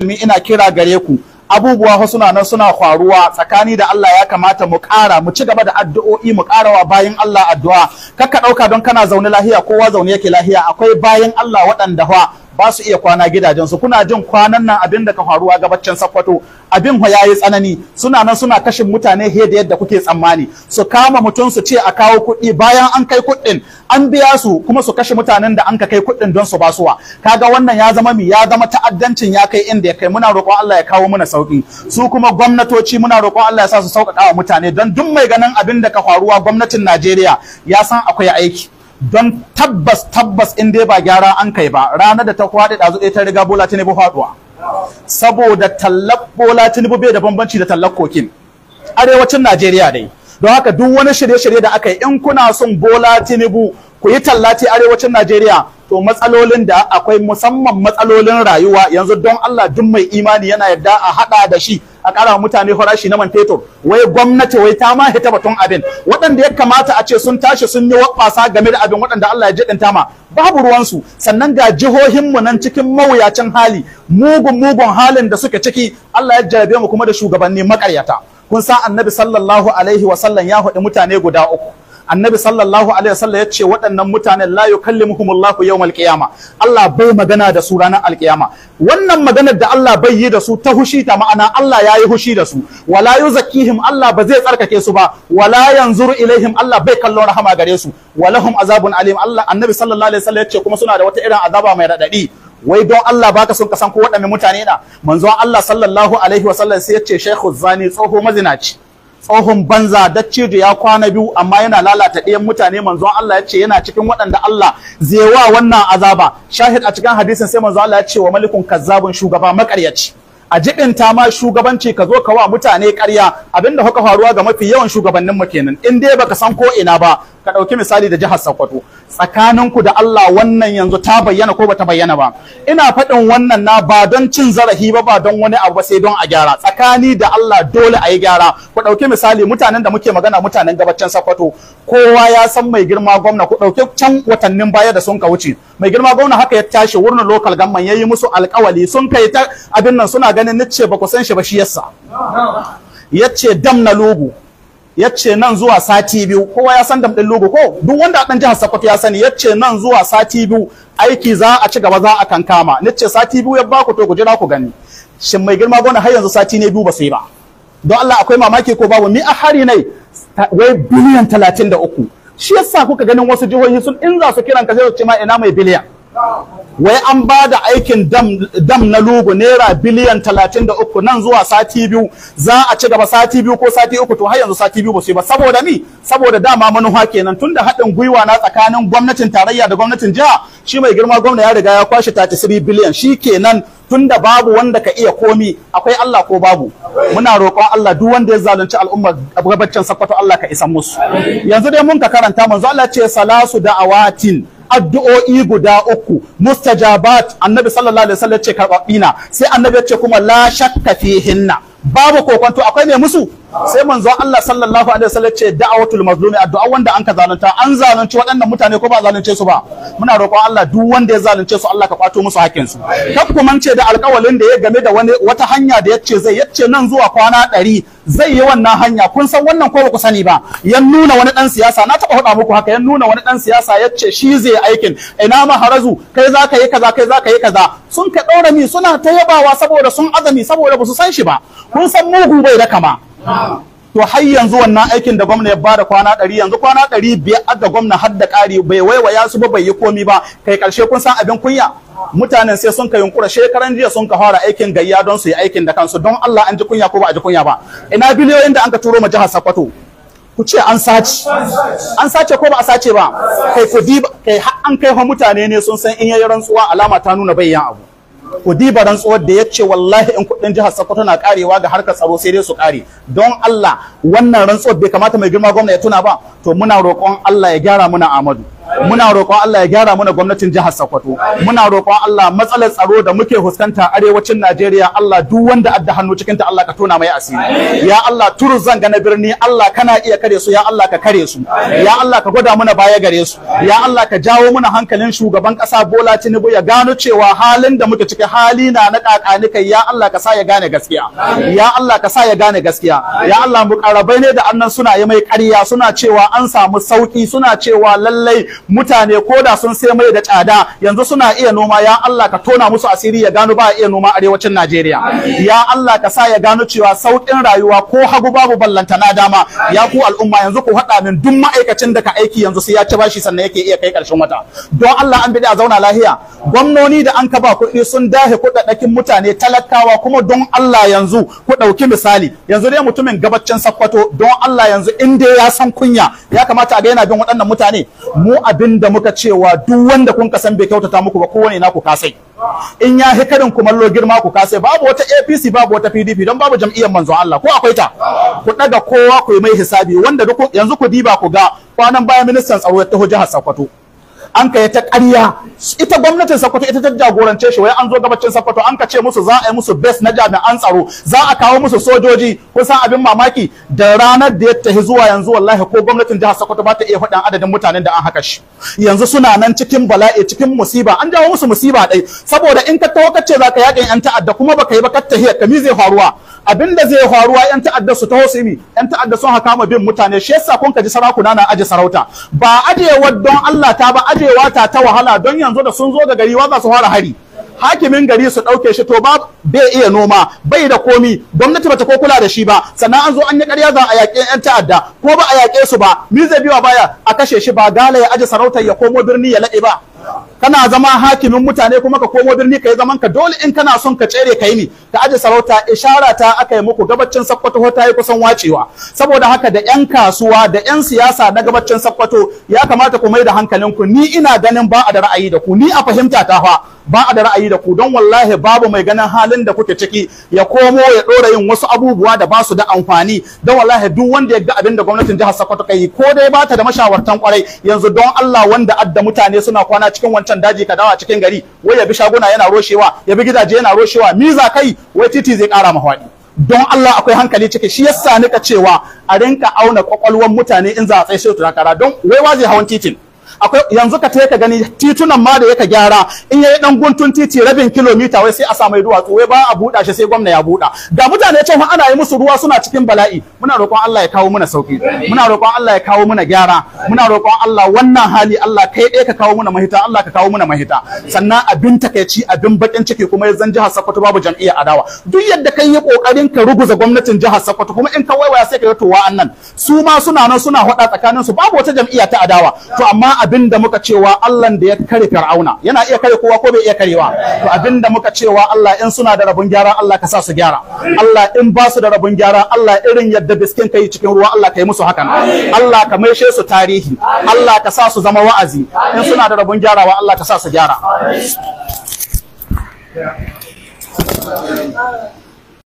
musulmi ina kira gare ku abubuwa suna nan suna faruwa tsakani da Allah ya kamata mu ƙara mu ci gaba da addu'o'i mu ƙarawa bayan Allah addu'a kakka ɗauka don kana zaune lahiya kowa zaune yake lahiya akwai bayan Allah waɗanda fa ba su iya kwana su. kuna jin kwanan nan abin da ka faruwa gabacin sakwato abin ya yi tsanani suna nan suna kashin mutane he da yadda kuke tsammani su kama mutum su ce a kawo kuɗi bayan an kai kuɗin an biya su kuma su kashe mutanen da an ka kai kuɗin don su basuwa kaga wannan ya zama mi ya zama ta'addancin ya kai inda ya kai muna roƙon Allah ya kawo muna sauki su kuma gwamnatoci muna roƙon Allah ya sa su sauƙaƙa wa mutane don duk mai ganin abin da ka faruwa gwamnatin Najeriya ya san akwai aiki don tabbas tabbas in dai ba gyara an kai ba ranar da ta kwaɗe ɗazu ɗaya ta riga bola tinubu faɗuwa saboda tallabola bola tinubu bai da bambanci da tallar kokin arewacin najeriya dai don haka duk wani shirye-shirye da aka yi in kuna son bola tinubu ku yi tallati arewacin najeriya to matsalolin da akwai musamman matsalolin rayuwa yanzu don Allah duk mai imani yana yadda a hada da shi a kara mutane farashi na man fetur wai gwamnati wai ta ma hita batun abin waɗanda ya kamata a ce sun tashi sun yi wakwasa game da abin waɗanda Allah ya jidinta ma babu ruwansu sannan ga jihohin mu nan cikin mawuyacin hali mugun mugun halin da suke ciki Allah ya jarabe mu kuma da shugabanni makaryata kun san annabi sallallahu alaihi wasallam ya haɗu mutane guda uku annabi sallallahu alaihi wasallam yace waɗannan mutanen la yukallimuhumullahu yawmal qiyama Allah bai magana da su ranar alkiyama wannan maganar da Allah bai yi da su ta hushi ta ma'ana Allah ya yi hushi da su wala yuzakkihim Allah ba zai tsarkake su ba wala yanzuru ilaihim Allah bai kallon rahama gare su walahum azabun alim Allah annabi sallallahu alaihi wasallam yace kuma suna da wata irin azaba mai radadi wai don Allah baka son ka san ko waɗanne mutane na manzo Allah sallallahu alaihi wasallam sai yace shaykhu zani tsoho mazinaci tsohon banza dattijo ya kwana biyu amma yana lalata ɗayan mutane manzon Allah ya ce yana cikin waɗanda Allah zai wa wannan azaba shahid a cikin hadisin sai manzon Allah ya ce wa malikun kazzabun shugaba makaryaci a ta ma shugabanci ka zo ka wa mutane ƙarya abinda kuka faruwa ga mafi yawan shugabannin mu kenan in dai baka san ko ina ba ka ɗauki misali da jihar Sokoto tsakaninku da Allah wannan yanzu ta bayyana ko bata bayyana ba ina faɗin wannan na ba don cin zarafi ba ba don wani abu ba sai don a gyara tsakani da Allah dole a yi gyara ku ɗauki misali mutanen da muke magana mutanen gabacin Sokoto kowa ya san mai girma gwamna ku ɗauki can watannin baya da sun ka wuce mai girma gwamna haka ya tashi wurin local gamman yayi musu alƙawali sun kai ta abin nan suna ganin nice ba ku san shi ba shi yassa yace dam na lugu yace nan zuwa sati biyu kowa ya san damɗin logo ko duk wanda dan jihar Sokoto ya sani yace nan zuwa sati biyu aiki za a ci gaba za a kankama nace sati biyu ya ba ku to ku jira ku gani shin mai girma gona har yanzu sati ne biyu ba sai ba don Allah akwai mamaki ko babu ni a hari ne wai biliyan talatin da uku shi yasa kuka ganin wasu jihohi sun in za su kiran ka sai su ce ma ina mai biliyan wai an ba da aikin dam na lugu naira biliyan talatin da 33 nan zuwa sati biyu za a ci gaba sati biyu ko sati uku to har yanzu sati biyu ba su yi ba saboda ni, saboda dama manuha kenan tun da haɗin gwiwa na tsakanin gwamnatin tarayya da gwamnatin jiha shi mai girma gwamna ya riga ya kwashe 33 biliyan shi kenan tun da babu wanda ka iya komi akwai Allah ko babu muna roƙon Allah duk wanda ya zalunci al'ummar gabaccin sakwato Allah ka isa musu yanzu dai mun ka karanta manzo Allah ce salasu da'awatin addu'o'i guda uku mustajabat annabi sallallahu alaihi wasallam ce karbabbi sai annabi ya ce kuma la shakka fihinna babu kokonto akwai mai musu sai manzo Allah sallallahu alaihi wasallam ce da'awatul mazlumi addu'a wanda an ka zalunta an zalunci waɗannan mutane ko ba zalunce su ba muna roƙon Allah duk wanda ya zalunce su Allah ka kwato musu hakkin su kaf ce da alƙawalin da ya game da wani wata hanya da yace zai yace nan zuwa kwana ɗari zai yi wannan hanya kun san wannan ko ba ku sani ba ya nuna wani dan siyasa na taɓa faɗa muku haka ya nuna wani dan siyasa yace shi zai aikin ina ma harazu? kai za ka yi kaza kai za ka yi kaza sun ka ɗaura mi suna ta saboda sun azami saboda ba su san shi ba kun san mugu bai da kama to har yanzu wannan aikin da gwamna ya bada kwana ɗari yanzu kwana ɗari biyar ga gwamna har da ƙari bai waiwaya su ba bai yi komi ba kai ƙarshe kun san abin kunya mutanen sai sun ka yunkura shekaran jiya sun ka fara aikin gayya don su yi aikin da kansu don Allah an ji kunya ko ba a ji kunya ba ina biliyoyin da an ka turo ma jihar Sokoto ku ce an sace an sace ko ba a sace ba kai ku diba kai har an kai mutane ne sun san in yayi rantsuwa alama ta nuna bayyan abu ku diba rantsuwar da ya ce wallahi in kuɗin jihar Sokoto na karewa ga harkar tsaro sai dai su kare don Allah wannan rantsuwar bai kamata mai girma gwamna ya tuna ba to muna roƙon Allah ya gyara muna Amadu muna roƙon Allah ya gyara mana gwamnatin jihar Sokoto muna roƙon Allah matsalar tsaro da muke a arewacin Najeriya Allah duk wanda adda hannu cikin ta Allah ka tona mai asiri ya Allah turu zanga na birni Allah kana iya kare su ya Allah ka kare su ya Allah ka gwada mana baya gare su ya Allah ka jawo mana hankalin shugaban ƙasa Bola Tinubu ya gano cewa halin da muke ciki hali na na kakani kai ya Allah ka sa ya gane gaskiya ya Allah ka sa ya gane gaskiya ya Allah mu karabai ne da annan suna yi mai ƙarya suna cewa an samu sauki suna cewa lallai mutane ko da sun sai mai da tsada yanzu suna iya noma ya Allah ka tona musu asiri ya gano ba iya noma arewacin Najeriya ya Allah ka sa ya gano cewa sauƙin rayuwa ko hagu babu ballantana dama ya ku al'umma yanzu ku haɗa min duk ma'aikacin da ka aiki yanzu sai ya ci bashi sannan yake iya kai ƙarshen wata don Allah an bi da zauna lahiya gwamnoni da an kaba kuɗi sun dahe kuɗaɗɗakin mutane talakawa kuma don Allah yanzu ku ɗauki misali yanzu dai mutumin gabacin sakkwato don Allah yanzu in dai ya san kunya ya kamata a ga yana bin waɗannan mutane mu abin da muka cewa duk wanda kun kasan bai kyautata muku ba kowane naku kasai in ya hikarin kumallo girma ku kasai babu wata APC babu wata PDP don babu jam'iyyar manzo Allah ko akwai ta ku daga kowa ku yi mai hisabi wanda duk yanzu ku diba ku ga kwanan baya ministan tsaro ya hujjar jihar Sokoto an kai ta ƙarya ita gwamnatin Sokoto ita ta jagorance shi wai an zo gabacin Sokoto an ka ce musu za a yi musu best na jami'an tsaro za a kawo musu sojoji kusan abin mamaki da ranar da ya tafi zuwa yanzu wallahi ko gwamnatin jihar Sokoto ba ta iya faɗin adadin mutanen da an haka shi yanzu suna nan cikin bala'i cikin musiba an jawo musu musiba dai saboda in ka taho ka ce za ka yaƙin 'yan ta'adda kuma baka yi ba ka tahiya kami zai faruwa abin da zai faruwa yan ta'adda su taho su yi yan ta'adda sun haka ma bin mutane shi yasa kun ji sarakuna na aje sarauta ba ajewar don Allah ta ba ajewa ta ta wahala don yanzu da sun zo da gari wa za su fara hari hakimin gari su ɗauke shi to ba bai iya noma bai da komi gwamnati bata ko kula da shi ba sannan an zo an yi ƙarya za a yaƙe yan ta'adda ko ba a yaƙe su ba mi zai biwa baya a kashe shi ba gala ya aje sarautar ya komo birni ya laɗe ba kana zama hakimin mutane kuma ka komo birni ka yi zaman ka dole in kana son ka tsere ka yi ni ka aje sarauta ishara ta aka yi muku gabacin sakkwato ta yi kusan wacewa saboda haka da yan kasuwa da yan siyasa na gabacin sakkwato ya kamata ku mai da hankalinku ni ina ganin ba a da ra'ayi da ku ni a fahimta ta fa ba a da ra'ayi da ku don wallahi babu mai ganin halin da kuke ciki ya komo ya dora yin wasu abubuwa da ba su da amfani don wallahi duk wanda ya ga abin da gwamnatin jihar ka kai ko dai ba ta da mashawartan kwarai yanzu don Allah wanda adda mutane suna kwana cikin wancan daji ka dawo cikin gari wai ya bi shaguna yana roshewa ya bi gidaje yana roshewa Miza kai wai titi zai kara ma mahwaɗi don Allah akwai hankali ciki shi yasa nika cewa a rinka auna kwakwalwar mutane in za a tsaye sai kara don wai wa hawan titin akwai yanzu ka ka gani titunan ma da yaka gyara in yayi dan guntun titi rabin kilomita wai sai a samu duwatsu wai ba a buɗa shi sai gwamna ya buɗa ga mutane cewa ana yi musu ruwa suna cikin bala'i muna roƙon Allah ya kawo mana sauki muna roƙon Allah ya kawo mana gyara muna roƙon Allah wannan hali Allah kai ɗaya ka kawo mana mahita Allah ka kawo mana mahita sannan abin takeici abin bakin ciki kuma zan jihar Sokoto babu jam'iyyar adawa duk yadda kan yi kokarin ka ruguza gwamnatin jihar Sokoto kuma in ka waiwaya sai ka yi towa annan su ma suna nan suna hada tsakanin su babu wata jam'iyya ta adawa to amma abinda muka cewa Allah da ya kare Fir'auna yana iya kare kowa ko bai iya karewa to abinda muka cewa Allah in suna da rabun gyara Allah ka sa su gyara Allah in ba su da rabun gyara Allah irin yadda biskin kai cikin ruwa Allah ka yi musu hakan Allah ka maishe su tarihi Allah ka sa su zama wa'azi in suna da rabun wa Allah ka sa su gyara